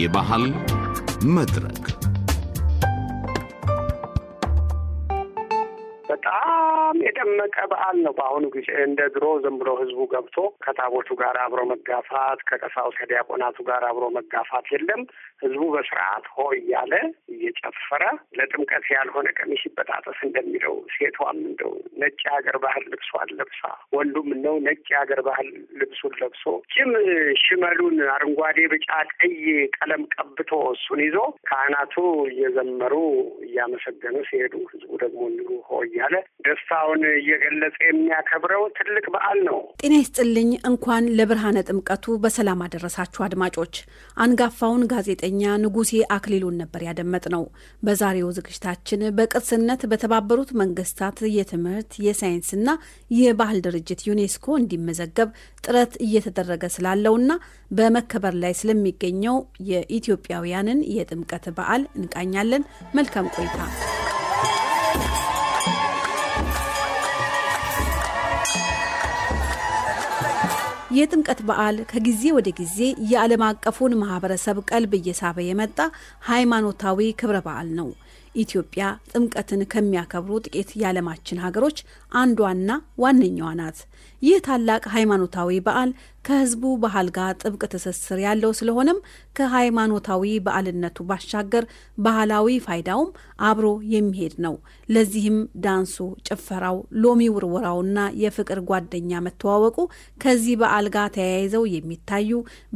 የባህል መድረክ የደመቀ በዓል ነው። በአሁኑ ጊዜ እንደ ድሮ ዝም ብሎ ህዝቡ ገብቶ ከታቦቱ ጋር አብሮ መጋፋት፣ ከቀሳውስ ከዲያቆናቱ ጋር አብሮ መጋፋት የለም። ህዝቡ በስርዓት ሆ እያለ እየጨፈረ ለጥምቀት ያልሆነ ቀሚስ ይበጣጠስ እንደሚለው ሴቷም እንደው ነጭ የሀገር ባህል ልብሷን ለብሳ ወንዱም ነው ነጭ የሀገር ባህል ልብሱን ለብሶ ጅም ሽመሉን አረንጓዴ፣ ቢጫ፣ ቀይ ቀለም ቀብቶ እሱን ይዞ ካህናቱ እየዘመሩ እያመሰገኑ ሲሄዱ ህዝቡ ደግሞ እንዲሁ ሆ እያለ ደስታውን እየገለጸ የሚያከብረው ትልቅ በዓል ነው። ጤና ይስጥልኝ። እንኳን ለብርሃነ ጥምቀቱ በሰላም አደረሳችሁ አድማጮች። አንጋፋውን ጋዜጠኛ ንጉሴ አክሊሉን ነበር ያደመጥ ነው። በዛሬው ዝግጅታችን በቅርስነት በተባበሩት መንግስታት የትምህርት የሳይንስና የባህል ድርጅት ዩኔስኮ እንዲመዘገብ ጥረት እየተደረገ ስላለውና በመከበር ላይ ስለሚገኘው የኢትዮጵያውያንን የጥምቀት በዓል እንቃኛለን። መልካም ቆይታ። የጥምቀት በዓል ከጊዜ ወደ ጊዜ የዓለም አቀፉን ማህበረሰብ ቀልብ እየሳበ የመጣ ሃይማኖታዊ ክብረ በዓል ነው። ኢትዮጵያ ጥምቀትን ከሚያከብሩ ጥቂት የዓለማችን ሀገሮች አንዷና ዋነኛዋ ናት። ይህ ታላቅ ሃይማኖታዊ በዓል ከህዝቡ ባህል ጋር ጥብቅ ትስስር ያለው ስለሆነም ከሃይማኖታዊ በዓልነቱ ባሻገር ባህላዊ ፋይዳውም አብሮ የሚሄድ ነው። ለዚህም ዳንሱ፣ ጭፈራው፣ ሎሚ ውርወራውና የፍቅር ጓደኛ መተዋወቁ ከዚህ በዓል ጋር ተያይዘው የሚታዩ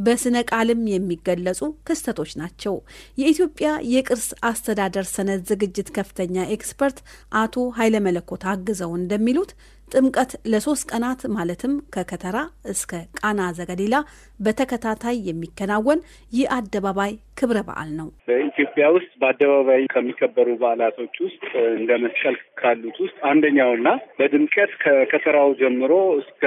በስነ ቃልም የሚገለጹ ክስተቶች ናቸው። የኢትዮጵያ የቅርስ አስተዳደር ሰነድ ዝግጅት ከፍተኛ ኤክስፐርት አቶ ኃይለመለኮት አግዘው እንደሚሉት ጥምቀት ለሶስት ቀናት ማለትም ከከተራ እስከ ቃና ዘገሊላ በተከታታይ የሚከናወን ይህ አደባባይ ክብረ በዓል ነው። በኢትዮጵያ ውስጥ በአደባባይ ከሚከበሩ በዓላቶች ውስጥ እንደ መስቀል ካሉት ውስጥ አንደኛውና በድምቀት ከከተራው ጀምሮ እስከ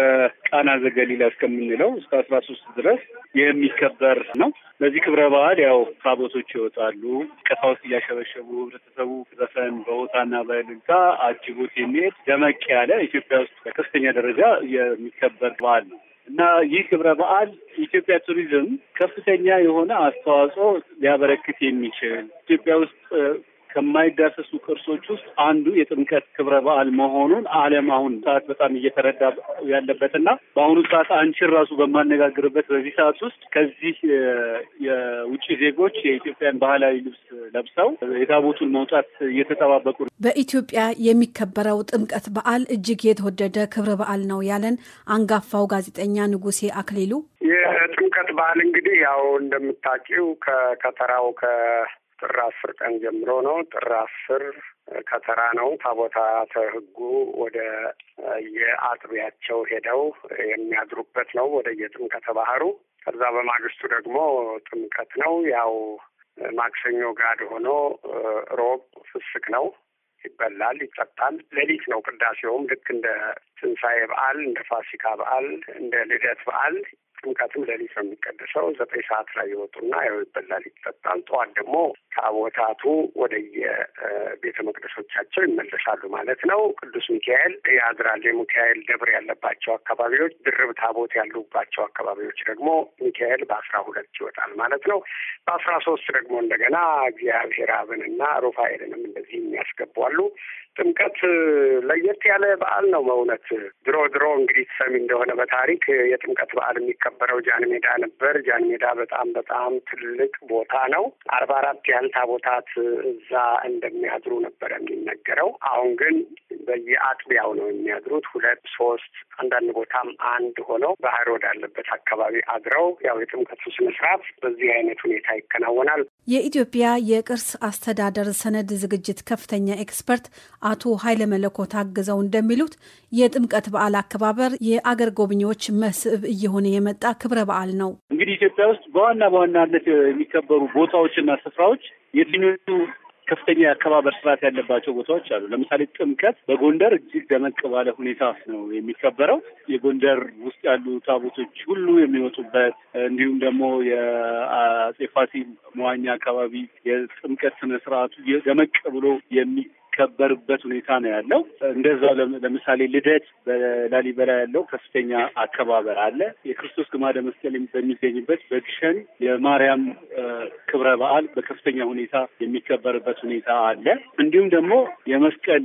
ቃና ዘገሊላ እስከምንለው እስከ አስራ ሶስት ድረስ የሚከበር ነው። በዚህ ክብረ በዓል ያው ታቦቶች ይወጣሉ። ቀሳውስት እያሸበሸቡ ህብረተሰቡ ዘፈን በቦታና በእልልታ አጅቦት የሚሄድ ደመቅ ያለ ኢትዮጵያ ውስጥ በከፍተኛ ደረጃ የሚከበር በዓል ነው እና ይህ ክብረ በዓል ኢትዮጵያ ቱሪዝም ከፍተኛ የሆነ አስተዋጽኦ ሊያበረክት የሚችል ኢትዮጵያ ውስጥ ከማይዳሰሱ ቅርሶች ውስጥ አንዱ የጥምቀት ክብረ በዓል መሆኑን ዓለም አሁን ሰዓት በጣም እየተረዳ ያለበትና በአሁኑ ሰዓት አንቺን ራሱ በማነጋግርበት በዚህ ሰዓት ውስጥ ከዚህ የውጭ ዜጎች የኢትዮጵያን ባህላዊ ልብስ ለብሰው የታቦቱን መውጣት እየተጠባበቁ ነው። በኢትዮጵያ የሚከበረው ጥምቀት በዓል እጅግ የተወደደ ክብረ በዓል ነው ያለን አንጋፋው ጋዜጠኛ ንጉሴ አክሊሉ የጥምቀት በዓል እንግዲህ ያው እንደምታውቂው ከከተራው ጥር አስር ቀን ጀምሮ ነው። ጥር አስር ከተራ ነው። ታቦታተ ሕጉ ወደ የአጥቢያቸው ሄደው የሚያድሩበት ነው፣ ወደ የጥምቀተ ባህሩ። ከዛ በማግስቱ ደግሞ ጥምቀት ነው። ያው ማክሰኞ ጋድ ሆኖ ሮብ ፍስክ ነው። ይበላል፣ ይጠጣል። ሌሊት ነው ቅዳሴውም ልክ እንደ ትንሣኤ በዓል እንደ ፋሲካ በዓል እንደ ልደት በዓል ጥምቀትም ሌሊት ነው የሚቀደሰው። ዘጠኝ ሰዓት ላይ ይወጡና ያው ይበላል፣ ይጠጣል። ጠዋት ደግሞ ታቦታቱ ወደ የቤተ መቅደሶቻቸው ይመለሳሉ ማለት ነው። ቅዱስ ሚካኤል ያድራል። የሚካኤል ደብር ያለባቸው አካባቢዎች፣ ድርብ ታቦት ያሉባቸው አካባቢዎች ደግሞ ሚካኤል በአስራ ሁለት ይወጣል ማለት ነው። በአስራ ሶስት ደግሞ እንደገና እግዚአብሔር አብንና ሩፋኤልንም እንደዚህ የሚያስገቡ ጥምቀት ለየት ያለ በዓል ነው። በእውነት ድሮ ድሮ እንግዲህ ሰሚ እንደሆነ በታሪክ የጥምቀት በዓል የሚከ የሚከበረው ጃን ሜዳ ነበር። ጃን ሜዳ በጣም በጣም ትልቅ ቦታ ነው። አርባ አራት ያህል ታቦታት እዛ እንደሚያድሩ ነበር የሚነገረው። አሁን ግን በየአጥቢያው ነው የሚያድሩት። ሁለት ሶስት፣ አንዳንድ ቦታም አንድ ሆነው ባህር ወዳለበት አካባቢ አድረው ያው የጥምቀቱ ስነስርዓት በዚህ አይነት ሁኔታ ይከናወናል። የኢትዮጵያ የቅርስ አስተዳደር ሰነድ ዝግጅት ከፍተኛ ኤክስፐርት አቶ ኃይለ መለኮ ታግዘው እንደሚሉት የጥምቀት በዓል አከባበር የአገር ጎብኚዎች መስህብ እየሆነ የመጣ የመጣ ክብረ በዓል ነው። እንግዲህ ኢትዮጵያ ውስጥ በዋና በዋናነት የሚከበሩ ቦታዎችና ስፍራዎች የትኞቹ ከፍተኛ የአከባበር ስርዓት ያለባቸው ቦታዎች አሉ። ለምሳሌ ጥምቀት በጎንደር እጅግ ደመቅ ባለ ሁኔታ ነው የሚከበረው። የጎንደር ውስጥ ያሉ ታቦቶች ሁሉ የሚወጡበት እንዲሁም ደግሞ የአጼ ፋሲል መዋኛ አካባቢ የጥምቀት ስነስርዓቱ ደመቅ ብሎ የሚ የሚከበርበት ሁኔታ ነው ያለው። እንደዛው ለምሳሌ ልደት በላሊበላ ያለው ከፍተኛ አከባበር አለ። የክርስቶስ ግማደ መስቀል በሚገኝበት በግሸን የማርያም ክብረ በዓል በከፍተኛ ሁኔታ የሚከበርበት ሁኔታ አለ። እንዲሁም ደግሞ የመስቀል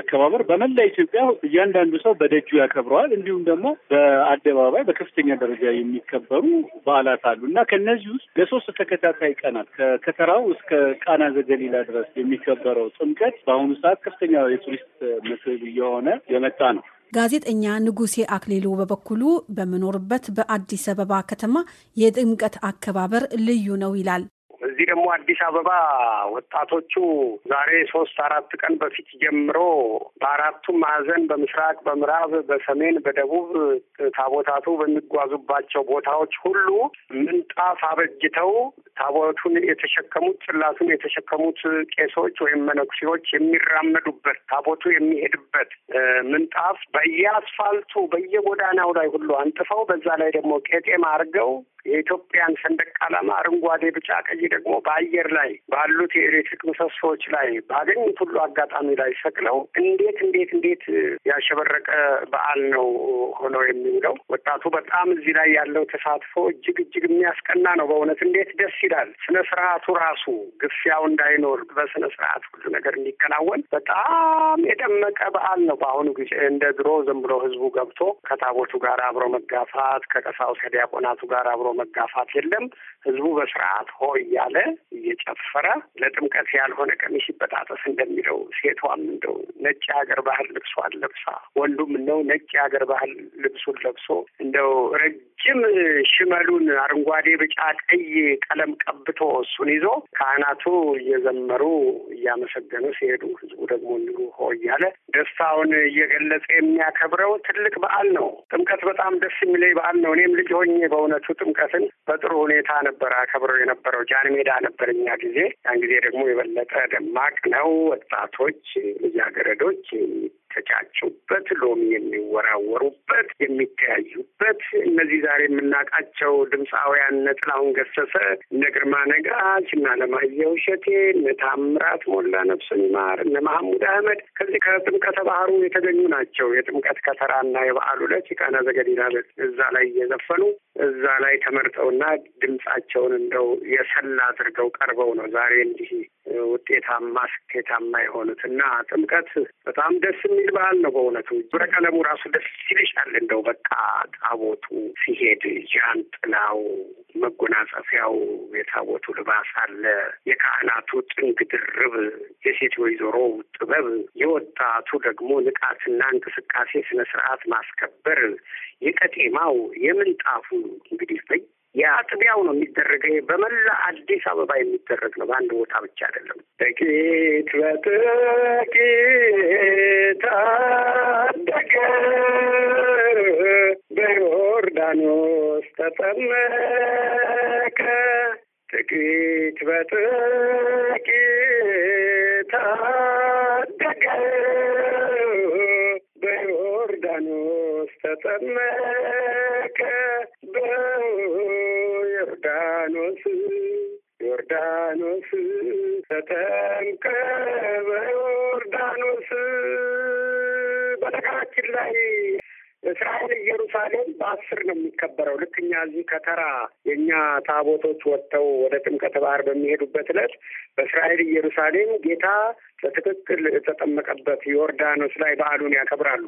አከባበር በመላ ኢትዮጵያ እያንዳንዱ ሰው በደጁ ያከብረዋል። እንዲሁም ደግሞ በአደባባይ በከፍተኛ ደረጃ የሚከበሩ በዓላት አሉ እና ከእነዚህ ውስጥ ለሶስት ተከታታይ ቀናት ከከተራው እስከ ቃና ዘገሊላ ድረስ የሚከበረው ጥምቀት በአሁኑ በአሁኑ ሰዓት ከፍተኛ የቱሪስት መስህብ እየሆነ የመጣ ነው። ጋዜጠኛ ንጉሴ አክሊሉ በበኩሉ በምኖርበት በአዲስ አበባ ከተማ የጥምቀት አከባበር ልዩ ነው ይላል። እዚህ ደግሞ አዲስ አበባ ወጣቶቹ ዛሬ ሶስት አራት ቀን በፊት ጀምሮ በአራቱ ማዕዘን በምስራቅ፣ በምዕራብ፣ በሰሜን፣ በደቡብ ታቦታቱ በሚጓዙባቸው ቦታዎች ሁሉ ምንጣፍ አበጅተው ታቦቱን የተሸከሙት ጽላቱን የተሸከሙት ቄሶች ወይም መነኩሴዎች የሚራመዱበት ታቦቱ የሚሄድበት ምንጣፍ በየአስፋልቱ በየጎዳናው ላይ ሁሉ አንጥፈው በዛ ላይ ደግሞ ቄጤማ አድርገው የኢትዮጵያን ሰንደቅ ዓላማ አረንጓዴ፣ ቢጫ፣ ቀይ ደግሞ በአየር ላይ ባሉት የኤሌክትሪክ ምሰሶዎች ላይ ባገኙት ሁሉ አጋጣሚ ላይ ሰቅለው እንዴት እንዴት እንዴት ያሸበረቀ በዓል ነው ሆነው የሚውለው። ወጣቱ በጣም እዚህ ላይ ያለው ተሳትፎ እጅግ እጅግ የሚያስቀና ነው። በእውነት እንዴት ደስ ይላል። ስነ ስርዓቱ ራሱ ግፊያው እንዳይኖር በስነ ስርዓት ሁሉ ነገር እንዲከናወን በጣም የደመቀ በዓል ነው። በአሁኑ ጊዜ እንደ ድሮ ዝም ብሎ ህዝቡ ገብቶ ከታቦቱ ጋር አብሮ መጋፋት ከቀሳውስ ከዲያቆናቱ ጋር አብሮ መጋፋት የለም። ህዝቡ በስርዓት ሆ እያለ እየጨፈረ ለጥምቀት ያልሆነ ቀሚስ ይበጣጠስ እንደሚለው ሴቷም እንደው ነጭ የሀገር ባህል ልብሷን ለብሳ ወንዱም እንደው ነጭ የሀገር ባህል ልብሱን ለብሶ እንደው ረጅም ሽመሉን አረንጓዴ፣ ቢጫ፣ ቀይ ቀለም ቀብቶ እሱን ይዞ ካህናቱ እየዘመሩ እያመሰገኑ ሲሄዱ ህዝቡ ደግሞ እንዲሁ ሆ እያለ ደስታውን እየገለጸ የሚያከብረው ትልቅ በዓል ነው። ጥምቀት በጣም ደስ የሚለኝ በዓል ነው። እኔም ልጅ ሆኜ በእውነቱ ጥምቀት ጥምቀትን በጥሩ ሁኔታ ነበር አከብረው የነበረው። ጃን ሜዳ ነበር እኛ ጊዜ። ያን ጊዜ ደግሞ የበለጠ ደማቅ ነው። ወጣቶች፣ ልጃገረዶች የሚተጫጩበት፣ ሎሚ የሚወራወሩበት፣ የሚተያዩበት እነዚህ ዛሬ የምናውቃቸው ድምፃውያን እነ ጥላሁን ገሰሰ፣ እነ ግርማ ነጋሽ እና አለማየሁ እሸቴ፣ እነ ታምራት ሞላ ነፍሱን ይማር፣ እነ መሐሙድ አህመድ ከዚህ ከጥምቀተ ባህሩ የተገኙ ናቸው። የጥምቀት ከተራና የበዓሉ ዕለት ቃና ዘገሊላ እዛ ላይ እየዘፈኑ እዛ ላይ ተመርጠውና ድምጻቸውን እንደው የሰላ አድርገው ቀርበው ነው ዛሬ እንዲህ ውጤታማ ስኬታማ የሆኑት እና ጥምቀት በጣም ደስ የሚል ባህል ነው። በእውነቱ ብረቀለሙ ራሱ ደስ ይልሻል። እንደው በቃ ታቦቱ ሲሄድ ጃንጥላው፣ መጎናጸፊያው፣ የታቦቱ ልባስ አለ፣ የካህናቱ ጥንግ ድርብ፣ የሴት ወይዘሮ ጥበብ፣ የወጣቱ ደግሞ ንቃትና እንቅስቃሴ ስነ ስርዓት ማስከበር፣ የቀጤማው፣ የምንጣፉ እንግዲህ ስጠኝ የአጥቢያው ነው የሚደረገ በመላ አዲስ አበባ የሚደረግ ነው። በአንድ ቦታ ብቻ አይደለም። ጥቂት በጥቂት ታደገ፣ በዮርዳኖስ ተጠመቀ። ጥቂት በጥቂት በዮርዳኖስ ተጠመቀ ጥቂት በጥቂት ተጠመቀ በዮርዳኖስ ዮርዳኖስ ተጠምቀ እስራኤል ኢየሩሳሌም በአስር ነው የሚከበረው። ልክ እኛ እዚህ ከተራ የእኛ ታቦቶች ወጥተው ወደ ጥምቀተ ባህር በሚሄዱበት ዕለት በእስራኤል ኢየሩሳሌም ጌታ በትክክል የተጠመቀበት ዮርዳኖስ ላይ በዓሉን ያከብራሉ።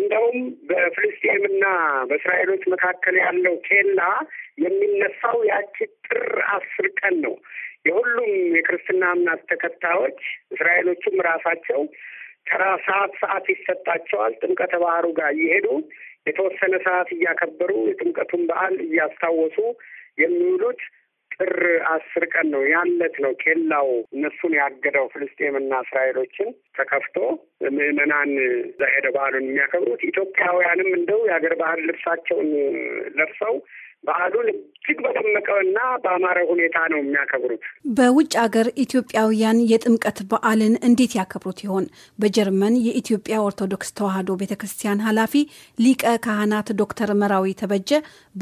እንደውም በፍልስጤምና በእስራኤሎች መካከል ያለው ኬላ የሚነሳው ያቺ ጥር አስር ቀን ነው። የሁሉም የክርስትና እምነት ተከታዮች እስራኤሎቹም ራሳቸው ተራ ሰዓት ሰዓት ይሰጣቸዋል። ጥምቀተ ባህሩ ጋር እየሄዱ የተወሰነ ሰዓት እያከበሩ የጥምቀቱን በዓል እያስታወሱ የሚውሉት ጥር አስር ቀን ነው። ያለት ነው ኬላው እነሱን ያገደው ፍልስጤምና እስራኤሎችን ተከፍቶ ምዕመናን እዛ ሄደ በዓሉን የሚያከብሩት ኢትዮጵያውያንም እንደው የሀገር ባህል ልብሳቸውን ለብሰው በዓሉን እጅግ በደመቀውና በአማረ ሁኔታ ነው የሚያከብሩት። በውጭ አገር ኢትዮጵያውያን የጥምቀት በዓልን እንዴት ያከብሩት ይሆን? በጀርመን የኢትዮጵያ ኦርቶዶክስ ተዋሕዶ ቤተ ክርስቲያን ኃላፊ ሊቀ ካህናት ዶክተር መራዊ ተበጀ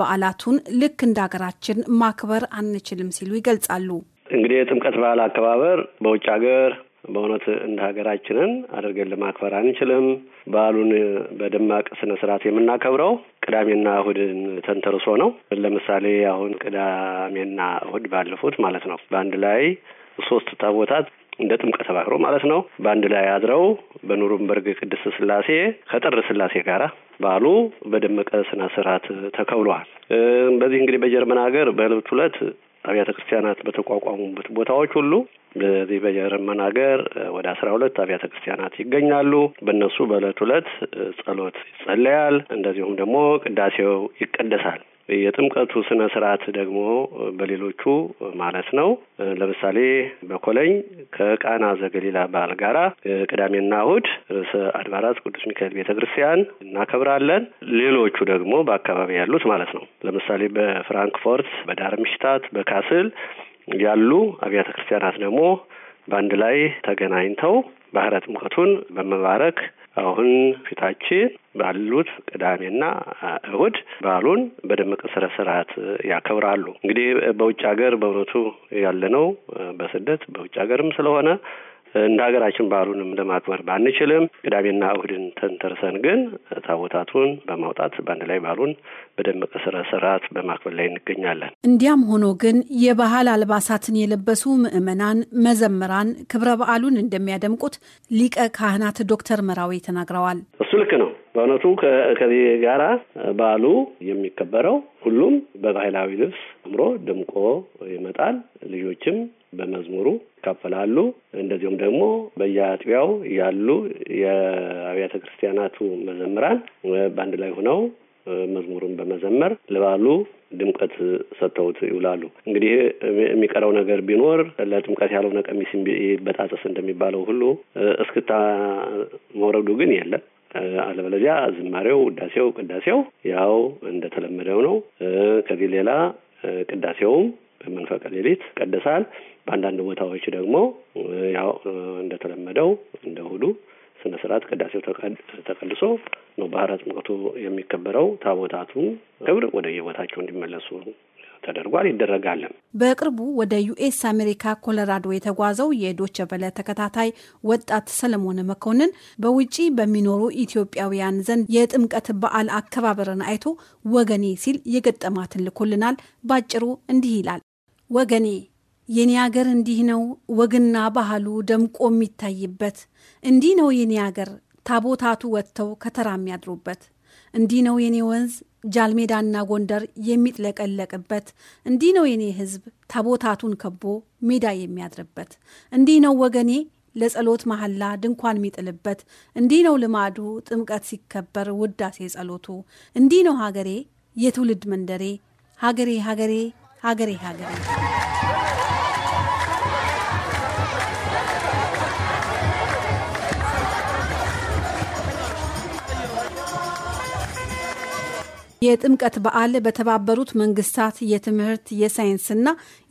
በዓላቱን ልክ እንደ ሀገራችን ማክበር አንችልም ሲሉ ይገልጻሉ። እንግዲህ የጥምቀት በዓል አከባበር በውጭ ሀገር በእውነት እንደ ሀገራችንን አድርገን ለማክበር አንችልም። በዓሉን በደማቅ ስነ ስርዓት የምናከብረው ቅዳሜና እሁድን ተንተርሶ ነው። ለምሳሌ አሁን ቅዳሜና እሁድ ባለፉት ማለት ነው በአንድ ላይ ሶስት ታቦታት እንደ ጥምቀት ተባክሮ ማለት ነው በአንድ ላይ አድረው በኑርንበርግ ቅድስት ስላሴ ከጥር ስላሴ ጋር በዓሉ በደመቀ ስነ ስርዓት ተከብሏል። በዚህ እንግዲህ በጀርመን ሀገር በዕለቱ ሁለት አብያተ ክርስቲያናት በተቋቋሙበት ቦታዎች ሁሉ በዚህ በጀርመን ሀገር ወደ አስራ ሁለት አብያተ ክርስቲያናት ይገኛሉ። በእነሱ በእለት ሁለት ጸሎት ይጸለያል። እንደዚሁም ደግሞ ቅዳሴው ይቀደሳል። የጥምቀቱ ስነ ስርዓት ደግሞ በሌሎቹ ማለት ነው። ለምሳሌ በኮለኝ ከቃና ዘገሊላ በዓል ጋራ ቅዳሜና እሁድ ርዕሰ አድባራት ቅዱስ ሚካኤል ቤተ ክርስቲያን እናከብራለን። ሌሎቹ ደግሞ በአካባቢ ያሉት ማለት ነው። ለምሳሌ በፍራንክፎርት፣ በዳርምሽታት፣ በካስል ያሉ አብያተ ክርስቲያናት ደግሞ በአንድ ላይ ተገናኝተው ባህረ ጥምቀቱን በመባረክ አሁን ፊታችን ባሉት ቅዳሜና እሁድ በዓሉን በደመቀ ስነ ስርዓት ያከብራሉ። እንግዲህ በውጭ ሀገር በእውነቱ ያለነው በስደት በውጭ ሀገርም ስለሆነ እንደ ሀገራችን በዓሉንም ለማክበር ባንችልም ቅዳሜና እሁድን ተንተርሰን ግን ታቦታቱን በማውጣት በአንድ ላይ በዓሉን በደመቀ ስነ ስርዓት በማክበር ላይ እንገኛለን። እንዲያም ሆኖ ግን የባህል አልባሳትን የለበሱ ምዕመናን፣ መዘምራን ክብረ በዓሉን እንደሚያደምቁት ሊቀ ካህናት ዶክተር መራዊ ተናግረዋል። እሱ ልክ ነው። በእውነቱ ከዚህ ጋራ በዓሉ የሚከበረው ሁሉም በባህላዊ ልብስ አምሮ ድምቆ ይመጣል። ልጆችም በመዝሙሩ ይካፈላሉ። እንደዚሁም ደግሞ በየአጥቢያው ያሉ የአብያተ ክርስቲያናቱ መዘምራን በአንድ ላይ ሆነው መዝሙሩን በመዘመር ለበዓሉ ድምቀት ሰጥተውት ይውላሉ። እንግዲህ የሚቀረው ነገር ቢኖር ለጥምቀት ያልሆነ ቀሚስ በጣጠስ እንደሚባለው ሁሉ እስክታ መውረዱ ግን የለም። አለበለዚያ ዝማሬው፣ ውዳሴው፣ ቅዳሴው ያው እንደተለመደው ነው። ከዚህ ሌላ ቅዳሴውም በመንፈቀ ሌሊት ይቀደሳል። በአንዳንድ ቦታዎች ደግሞ ያው እንደተለመደው እንደ እሑዱ ስነ ስርዓት ቅዳሴው ተቀድሶ ነው ባህረ ጥምቀቱ የሚከበረው። ታቦታቱ ክብር ወደ የቦታቸው እንዲመለሱ ተደርጓል፣ ይደረጋለን። በቅርቡ ወደ ዩኤስ አሜሪካ ኮሎራዶ የተጓዘው የዶቸ በለ ተከታታይ ወጣት ሰለሞን መኮንን በውጪ በሚኖሩ ኢትዮጵያውያን ዘንድ የጥምቀት በዓል አከባበርን አይቶ ወገኔ ሲል የገጠማትን ልኮልናል። ባጭሩ እንዲህ ይላል። ወገኔ የኔ አገር እንዲህ ነው፣ ወግና ባህሉ ደምቆ የሚታይበት እንዲህ ነው የኔ አገር ታቦታቱ ወጥተው ከተራ የሚያድሩበት እንዲህ ነው የኔ ወንዝ ጃልሜዳና ጎንደር የሚጥለቀለቅበት እንዲህ ነው የኔ ህዝብ ታቦታቱን ከቦ ሜዳ የሚያድርበት እንዲህ ነው ወገኔ ለጸሎት መሐላ ድንኳን የሚጥልበት እንዲህ ነው ልማዱ ጥምቀት ሲከበር ውዳሴ ጸሎቱ እንዲህ ነው ሀገሬ የትውልድ መንደሬ ሀገሬ ሀገሬ ሀገሬ ሀገሬ የጥምቀት በዓል በተባበሩት መንግስታት የትምህርት የሳይንስና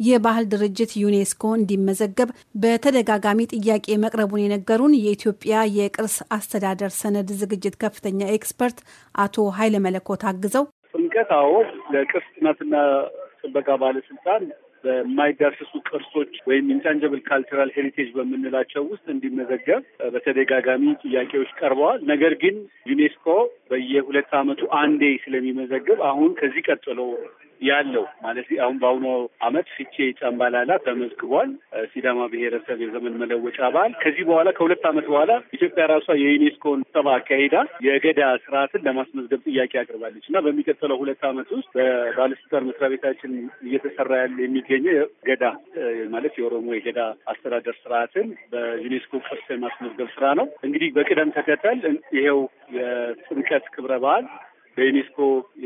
የባህል ድርጅት ዩኔስኮ እንዲመዘገብ በተደጋጋሚ ጥያቄ መቅረቡን የነገሩን የኢትዮጵያ የቅርስ አስተዳደር ሰነድ ዝግጅት ከፍተኛ ኤክስፐርት አቶ ኃይለ መለኮት አግዘው ጥምቀት አዎ ለቅርስ ጥናትና ጥበቃ ባለስልጣን በማይዳሰሱ ቅርሶች ወይም ኢንታንጀብል ካልቸራል ሄሪቴጅ በምንላቸው ውስጥ እንዲመዘገብ በተደጋጋሚ ጥያቄዎች ቀርበዋል። ነገር ግን ዩኔስኮ በየሁለት ዓመቱ አንዴ ስለሚመዘግብ አሁን ከዚህ ቀጥሎ ያለው ማለት አሁን በአሁኑ አመት ፍቼ ጫምባላላ ተመዝግቧል። ሲዳማ ብሔረሰብ የዘመን መለወጫ በዓል ከዚህ በኋላ ከሁለት አመት በኋላ ኢትዮጵያ ራሷ የዩኔስኮን ስብሰባ አካሂዳ የገዳ ስርዓትን ለማስመዝገብ ጥያቄ አቅርባለች እና በሚቀጥለው ሁለት አመት ውስጥ በባለስልጣን መስሪያ ቤታችን እየተሰራ ያለ የሚገኘው የገዳ ማለት የኦሮሞ የገዳ አስተዳደር ስርዓትን በዩኔስኮ ቅርስ የማስመዝገብ ስራ ነው። እንግዲህ በቅደም ተከተል ይሄው የጥምቀት ክብረ በዓል በዩኔስኮ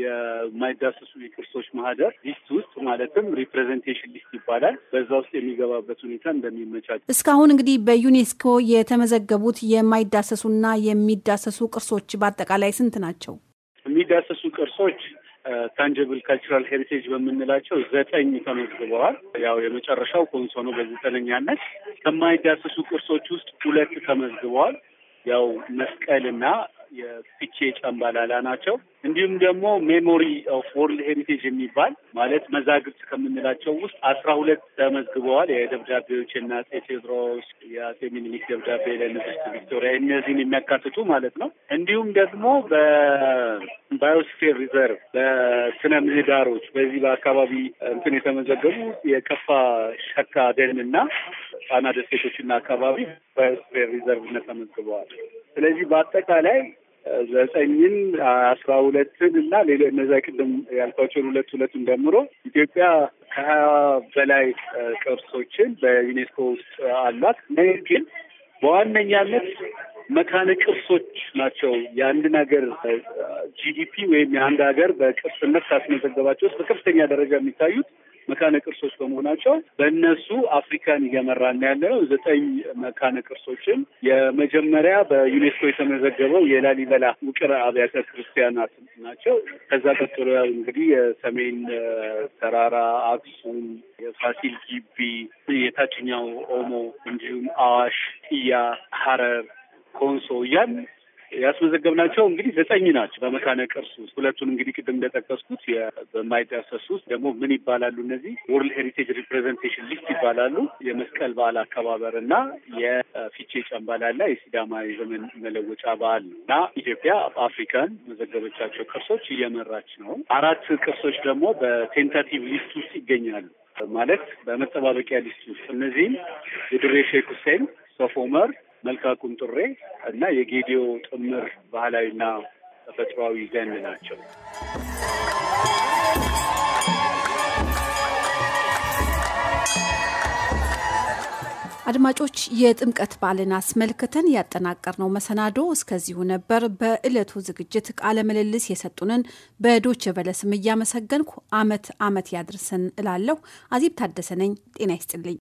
የማይዳሰሱ የቅርሶች ማህደር ሊስት ውስጥ ማለትም ሪፕሬዘንቴሽን ሊስት ይባላል። በዛ ውስጥ የሚገባበት ሁኔታ እንደሚመቻ እስካሁን እንግዲህ በዩኔስኮ የተመዘገቡት የማይዳሰሱና የሚዳሰሱ ቅርሶች በአጠቃላይ ስንት ናቸው? የሚዳሰሱ ቅርሶች ታንጀብል ካልቸራል ሄሪቴጅ በምንላቸው ዘጠኝ ተመዝግበዋል። ያው የመጨረሻው ኮንሶ ነው በዘጠነኛነት። ከማይዳሰሱ ቅርሶች ውስጥ ሁለት ተመዝግበዋል። ያው መስቀልና የፍቼ ጨምባላላ ናቸው። እንዲሁም ደግሞ ሜሞሪ ኦፍ ወርልድ ሄሪቴጅ የሚባል ማለት መዛግብት ከምንላቸው ውስጥ አስራ ሁለት ተመዝግበዋል። የደብዳቤዎች እና አፄ ቴዎድሮስ የአፄ ሚኒሊክ ደብዳቤ ለንግስት ቪክቶሪያ እነዚህን የሚያካትቱ ማለት ነው። እንዲሁም ደግሞ በባዮስፌር ሪዘርቭ በስነ ምህዳሮች በዚህ በአካባቢ እንትን የተመዘገቡ የከፋ ሸካ ደን እና ጣና ደሴቶች እና አካባቢ ባዮስፌር ሪዘርቭነት ተመዝግበዋል። ስለዚህ በአጠቃላይ ዘጠኝን አስራ ሁለትን እና እነዚያ ቅድም ያልኳቸውን ሁለት ሁለቱን ደምሮ ኢትዮጵያ ከሀያ በላይ ቅርሶችን በዩኔስኮ ውስጥ አሏት። ነገር ግን በዋነኛነት መካነ ቅርሶች ናቸው። የአንድን ሀገር ጂዲፒ ወይም የአንድ ሀገር በቅርስነት ካስመዘገባቸው ውስጥ በከፍተኛ ደረጃ የሚታዩት መካነ ቅርሶች በመሆናቸው በእነሱ አፍሪካን እየመራን ያለ ነው። ዘጠኝ መካነ ቅርሶችን የመጀመሪያ በዩኔስኮ የተመዘገበው የላሊበላ ውቅር አብያተ ክርስቲያናት ናቸው። ከዛ ቀጥሎ ያው እንግዲህ የሰሜን ተራራ፣ አክሱም፣ የፋሲል ግቢ፣ የታችኛው ኦሞ እንዲሁም አዋሽ፣ ጥያ፣ ሀረር ኮንሶ እያልን ያስመዘገብናቸው እንግዲህ ዘጠኝ ናቸው በመካነ ቅርስ ውስጥ ሁለቱን እንግዲህ ቅድም እንደጠቀስኩት በማይዳሰሱ ውስጥ ደግሞ ምን ይባላሉ እነዚህ ወርልድ ሄሪቴጅ ሪፕሬዘንቴሽን ሊስት ይባላሉ። የመስቀል በዓል አከባበር እና የፊቼ ጨምባላላ የሲዳማ የዘመን መለወጫ በዓል ነው እና ኢትዮጵያ አፍሪካን መዘገበቻቸው ቅርሶች እየመራች ነው። አራት ቅርሶች ደግሞ በቴንታቲቭ ሊስት ውስጥ ይገኛሉ ማለት በመጠባበቂያ ሊስት ውስጥ እነዚህም የድሬ ሼክ ሁሴን ሶፍ ኦመር መልካ ቁንጥሬ እና የጌዲዮ ጥምር ባህላዊና ተፈጥሯዊ ዘን ናቸው። አድማጮች የጥምቀት በዓልን አስመልክተን ያጠናቀርነው መሰናዶ እስከዚሁ ነበር። በዕለቱ ዝግጅት ቃለ ምልልስ የሰጡንን በዶች በለስም ስም እያመሰገንኩ አመት አመት ያድርስን እላለሁ። አዜብ ታደሰ ነኝ። ጤና ይስጥልኝ።